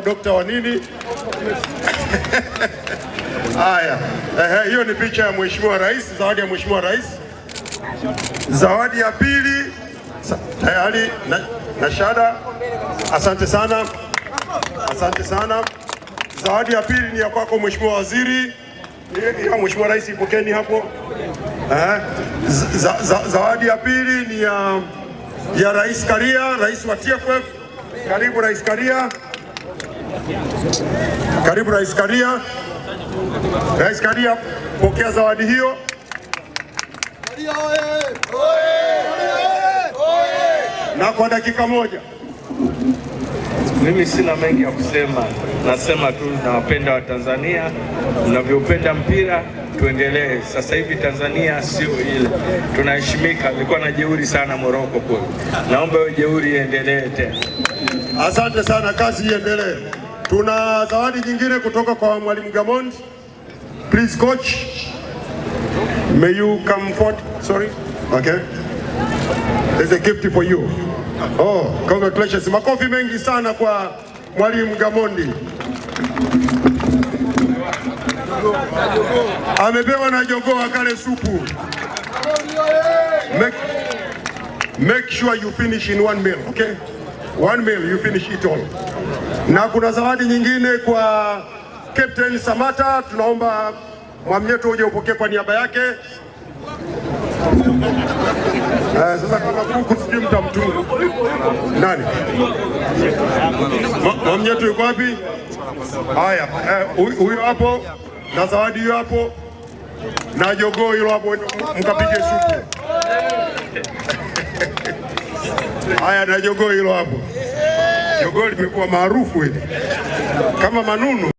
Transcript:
dokta wa nini? Haya, ehe, hiyo ni picha ya mheshimiwa rais, zawadi ya mheshimiwa rais. Zawadi ya pili tayari na, na shada. Asante sana, asante sana. Zawadi ya pili ni ya kwako mheshimiwa waziri. Hiyo mheshimiwa rais, ipokeni hapo. Eh, zawadi ya pili ni ya ya rais Karia, rais wa TFF. Karibu rais Karia. Karibu Rais Karia. Rais Karia, pokea zawadi hiyo. Na kwa dakika moja, mimi sina mengi ya kusema, nasema tu nawapenda Watanzania, mnavyopenda mpira tuendelee. Sasa hivi Tanzania sio ile, tunaheshimika. Nilikuwa na jeuri sana Moroko kule, naomba hiyo jeuri iendelee tena. Asante sana, kazi iendelee. Tuna zawadi nyingine kutoka kwa Mwalimu Gamond. Please coach. May you come forward. Sorry. Okay. There's a gift for you. Oh, congratulations. Makofi mengi sana kwa Mwalimu Gamondi. Amepewa na jogoo akale supu. Make, make sure you finish in one meal, okay? One meal, you finish it all. Na kuna zawadi nyingine kwa Captain Samata, tunaomba Mwamnyeto uje upokee kwa niaba yake. Uh, sasa kama kuku sijui mtamtungu nani? Mwamnyeto yuko wapi? Haya, eh, huyo hapo na zawadi hiyo hapo na jogoo hilo hapo, mkapige shuku Haya, na jogoo hilo hapo, jogoo limekuwa maarufu hili kama manunu.